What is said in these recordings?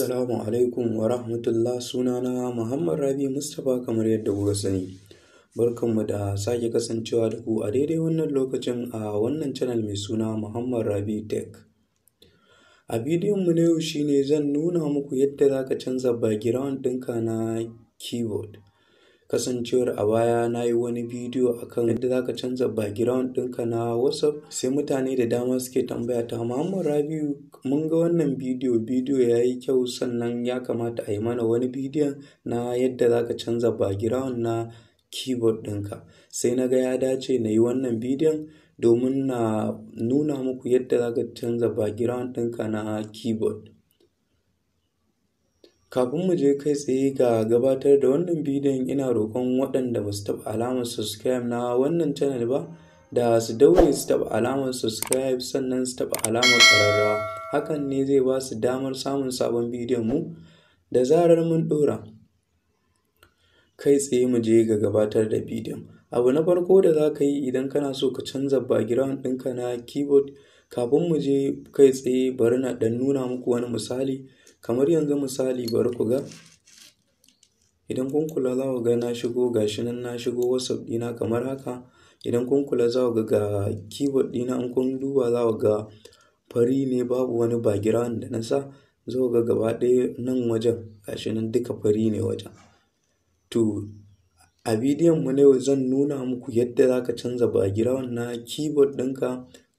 Assalamu alaikum wa rahmatullah sunana Muhammad Rabi Mustapha kamar yadda kuka sani. Barkanmu da sake kasancewa da ku a daidai wannan lokacin a wannan channel mai suna Muhammad Rabi Tech. A bidiyon mu na yau shine zan nuna muku yadda za ka canza background ɗinka na keyboard. kasancewar a baya na yi wani bidiyo akan yadda za ka canza background ɗinka na whatsapp sai mutane da dama suke tambaya ta muhammad rabiu mun ga wannan bidiyo bidiyo ya yi kyau sannan ya kamata a yi mana wani bidiyo na yadda za ka canza background na keyboard ɗinka sai na ga ya dace na yi wannan bidiyon domin na nuna muku yadda za ka canza background ɗinka na keyboard Kafin mu je kai tsaye ga gabatar da wannan bidiyon ina roƙon waɗanda ba su taɓa alamar subscribe na wannan channel ba da su daure su taɓa alamar subscribe sannan su taɓa alamar ƙararrawa hakan ne zai ba su damar samun sabon bidiyon mu da zarar mun ɗora. Kai tsaye mu je ga gabatar da bidiyon. Abu na farko da za ka yi idan kana so ka canza background ɗinka na keyboard kafin mu je kai tsaye bari na ɗan nuna muku wani misali Kamar yanzu misali bari ku ga, idan kun kula za ku ga na shigo ga nan na shigo WhatsApp ɗina kamar haka. Idan kun kula za ku ga keyboard ɗina in kun duba za ku ga fari ne babu wani background da na sa. Za ku ga gaba ɗaya nan wajen ga nan duka fari ne wajen. To a bidiyon mu na yau zan nuna muku yadda za ka canza background na keyboard ɗinka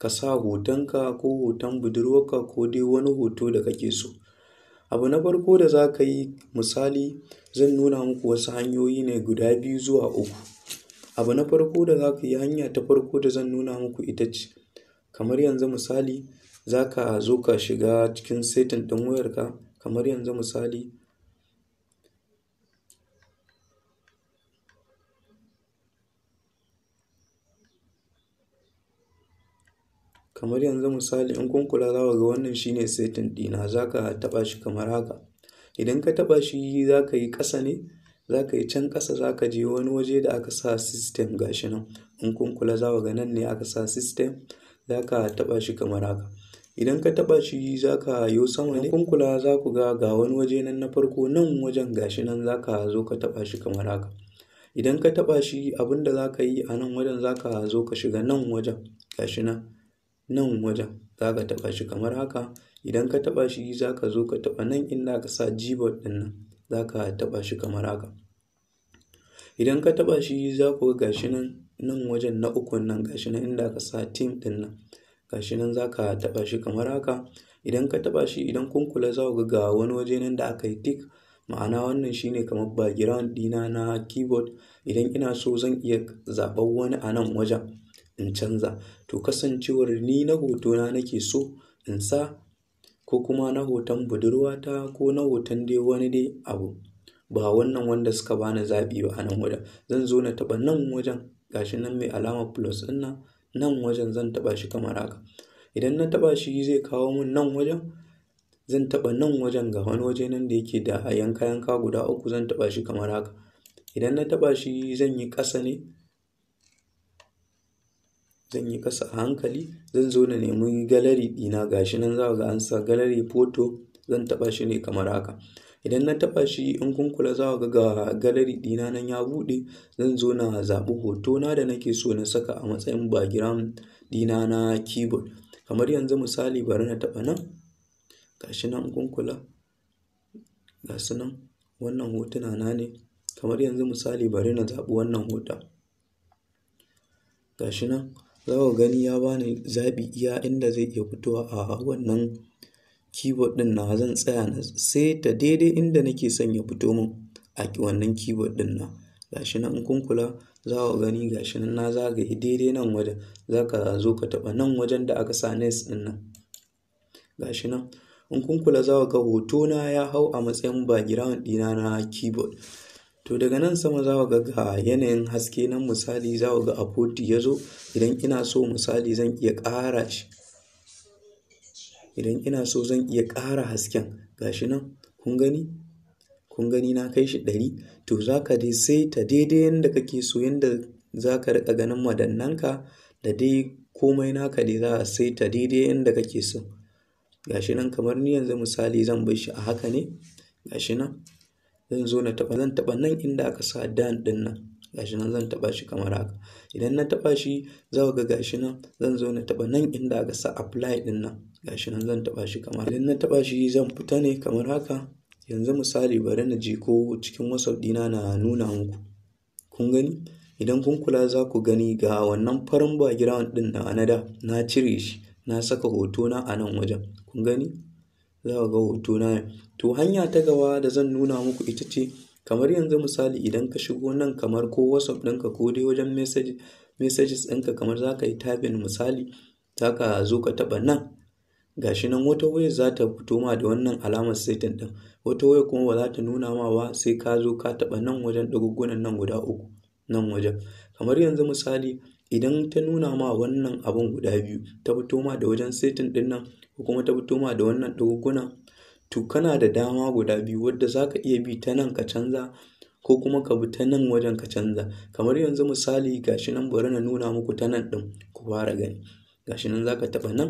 ka sa hotonka ko hoton budurwarka ko dai wani hoto da kake so. Abu na farko da za ka yi misali zan nuna muku wasu hanyoyi ne guda biyu zuwa uku. Abu na farko da za ka yi hanya ta farko da zan nuna muku ita ce kamar yanzu misali za ka zo ka shiga cikin setin ɗin wayarka kamar yanzu misali Kamar yanzu misali in kun kula za ga wannan shine setin dina ɗina, za ka taɓa shi kamar haka. Idan ka taba shi za ka yi ƙasa ne, za ka yi can ƙasa za ka je wani waje da aka sa system ga shi nan. In kun kula za ga nan ne aka sa system, za ka taɓa shi kamar haka. Idan ka taɓa shi za ka yi sama ne, kun kula za ku ga ga wani waje nan na farko nan wajen ga shi nan za ka zo ka taɓa shi kamar haka. Idan ka taɓa shi abinda za ka yi a nan wajen za ka zo ka shiga nan wajen ga nan. nan wajen za ka taɓa shi kamar haka idan ka taɓa shi za ka zo ka taɓa nan inda ka sa gboard ɗin nan za ka taɓa shi kamar haka idan ka taɓa shi za ku ga gashi nan nan wajen na ukun nan gashi nan inda ka sa team ɗin nan gashi nan za ka taɓa shi kamar haka idan ka taɓa shi idan kun kula za ku ga wani waje nan da aka yi tik ma'ana wannan shine kamar background ɗina na keyboard idan ina so zan iya zaɓar wani a nan wajen in canza. To kasancewar ni na hotona nake so in sa ko kuma na hoton budurwata ko na hoton dai wani dai abu. Ba wannan wanda suka bani zaɓi ba a nan wajen. Zan zo na taɓa nan wajen gashi nan mai alama plus ɗin nan, nan wajen zan taɓa shi kamar haka. Idan na taɓa shi zai kawo mun nan wajen. Zan taɓa nan wajen ga wani waje nan da yake da yanka yanka guda uku zan taɓa shi kamar haka. Idan na taɓa shi zan yi ƙasa ne zan yi ƙasa a hankali zan zo na nemi galeri ɗina gashi nan za a ga an sa galeri foto zan taɓa shi ne kamar haka idan na taɓa shi in kun kula za ku ga galeri ɗina nan ya buɗe zan zo na zaɓi hoto na da nake so na saka a matsayin background ɗina na keyboard kamar yanzu misali bari na taɓa nan gashi nan kun kula ga su nan wannan hotuna na ne kamar yanzu misali bari na zaɓi wannan hoton ga shi nan za ku gani ya bani zaɓi iya inda zai iya fitowa a wannan keyboard ɗin na zan tsaya na ta daidai inda nake son ya fito min a wannan keyboard ɗin na gashi nan in kun kula za ku gani gashi nan na zagaye daidai nan wajen za ka zo ka taɓa nan wajen da aka sa nes ɗin nan gashi nan in kun kula za ku ga hoto na ya hau a matsayin background ɗina na keyboard To daga nan sama za ga ga yanayin haske nan misali za ga a kotu ya zo idan ina so misali zan iya ƙara shi. Idan ina so zan iya ƙara hasken gashi nan kun gani? Kun gani na kai shi ɗari to za ka dai sai ta daidai yadda kake so yadda za ka riƙa ganin madannanka da dai komai naka dai za a ta daidai yadda kake so. Gashi nan kamar ni yanzu misali zan bar shi a haka ne gashi nan. zan zo na taɓa, zan taɓa nan inda aka sa dan ɗin nan. Gashi nan zan taɓa shi kamar haka. Idan na taɓa shi za ga gashi nan zan zo na taɓa nan inda aka sa apply ɗin nan. Gashi nan zan taɓa shi kamar Idan na taɓa shi zan fita ne kamar haka. Yanzu misali bari na je ko cikin WhatsApp ɗina na nuna muku. Kun gani? Idan kun kula za ku gani ga wannan farin background ɗin da na da na cire shi. Na saka hotona a nan wajen. Kun gani? za ka ga hotona ne. To hanya ta gaba da zan nuna muku ita ce kamar yanzu misali idan ka shigo nan kamar ko WhatsApp ɗinka ko dai wajen messages ɗinka kamar za ka yi tabin misali za ka zo ka taɓa nan gashinan nan wata waya za ta fito ma da wannan alamar setting ɗin wata waya kuma ba za ta nuna ma ba sai ka zo ka taɓa nan wajen dagugunan nan guda uku nan wajen kamar yanzu misali idan ta nuna ma wannan abun guda biyu ta fito ma da wajen setting ɗin nan ko kuma ta fito ma da wannan ɗagugunan to kana da dama guda biyu wadda za ka iya bi ta nan ka canza ko kuma ka bi ta nan wajen ka canza kamar yanzu misali gashi nan bari na nuna muku ta nan ɗin ku fara gani gashi nan za ka taɓa nan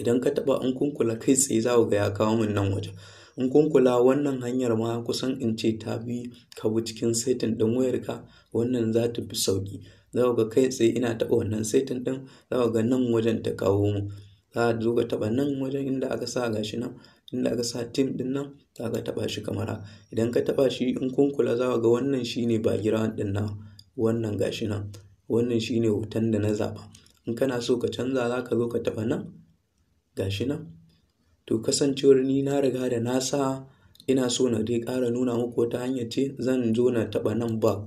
idan ka taɓa in kunkula kai tsaye za ku ga ya kawo min nan wajen in kunkula wannan hanyar ma kusan in ce ta bi ka bi cikin saitin ɗin wayarka wannan za ta fi sauƙi za ku ga kai tsaye ina taɓa wannan saitin ɗin za ku ga nan wajen ta kawo mu za a duba taɓa nan wajen inda aka sa gashi nan inda aka sa tim ɗin nan za ka taɓa shi kamar idan ka taɓa shi in kun kula za ka ga wannan shine background ɗin na wannan gashi nan wannan shine hoton da na zaɓa in kana so ka canza za ka zo ka taɓa nan gashi nan to kasancewar ni na riga da na sa ina so na dai ƙara nuna muku wata hanyar ce zan zo na taɓa nan ba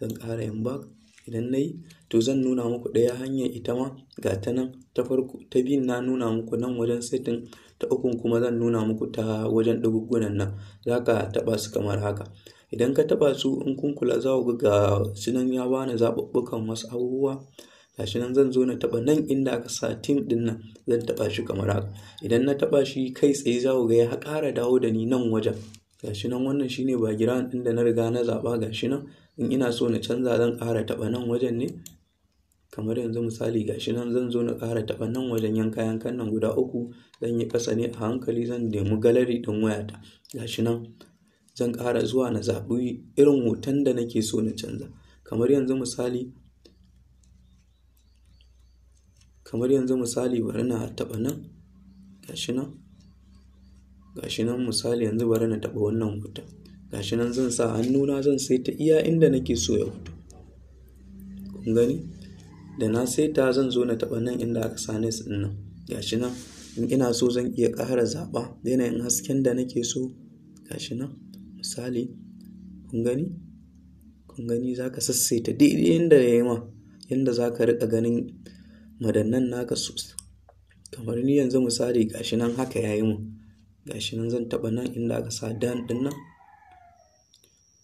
zan ƙara yin back Idan na yi, to zan nuna muku ɗaya hanya ita ma ga ta nan ta farko. Ta biyun na nuna muku nan wajen setin ta ukun kuma zan nuna muku ta wajen ɗagugunan nan. Za ka taɓa su kamar haka. Idan ka taɓa su in kun kula za ku ga gashi ya bani zaɓuɓɓukan wasu abubuwa. ga shi nan zan zo na taɓa nan inda aka sa tim ɗin nan zan taɓa shi kamar haka. Idan na taɓa shi kai tsaye za ku ga ya ƙara dawo da ni nan wajen. shi nan wannan shine ba giran ɗin da na riga na zaba ga shi nan. In ina so na canza zan ƙara taɓa nan wajen ne. Kamar yanzu misali shi nan zan zo na ƙara taɓa nan wajen yanka yankan nan guda uku. Zan yi ƙasa ne a hankali zan nemi gallery ɗin wayata. shi nan zan ƙara zuwa na zaɓi irin hoton da nake so na canza. Kamar yanzu misali, kamar yanzu misali bari na taɓa nan shi nan. Gashi nan misali yanzu bari na taɓa wannan hoton. Gashi nan zan sa hannuna zan saita iya inda nake so ya fito. Kun gani? Da na saita zan zo na taɓa nan inda aka sa nes ɗin nan. Gashi nan in ina so zan iya ƙara zaɓa yanayin hasken da nake so. Gashi nan misali kun gani? Kun gani za ka sassaita daidai ya yayi ma yanda za ka riƙa ganin madannan naka sosai. Kamar ni yanzu misali gashi nan haka yayi mu. gashi nan zan taɓa nan inda aka sa dan ɗin nan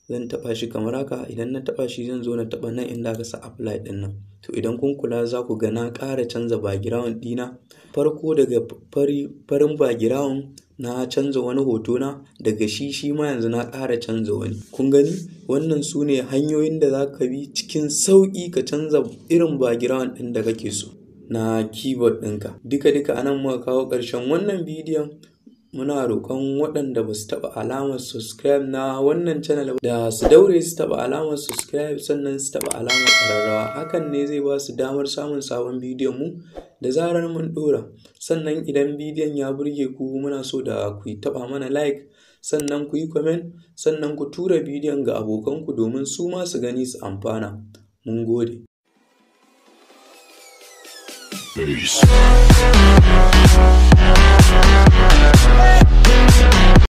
zan taɓa shi kamar haka idan na taɓa shi zan zo na taɓa nan inda aka sa apply ɗin nan to idan kun kula za ku ga na ƙara canza background ɗina farko daga farin background na canza wani hoto na daga shi shi ma yanzu na ƙara canza wani kun gani wannan su ne hanyoyin da za ka bi cikin sauƙi ka canza irin background ɗin da kake so na keyboard ɗinka duka-duka anan muka kawo ƙarshen wannan bidiyon muna roƙon waɗanda ba su taɓa alamar subscribe na wannan channel da su daure su taɓa alamar subscribe sannan su taɓa alamar ƙararrawa hakan ne zai ba su damar samun sabon bidiyon mu da zarar mun ɗora sannan idan bidiyon ya burge ku muna so da ku taɓa mana like sannan ku yi comment sannan ku tura bidiyon ga abokanku domin su ma su gani su amfana mun gode Peace. Yeah.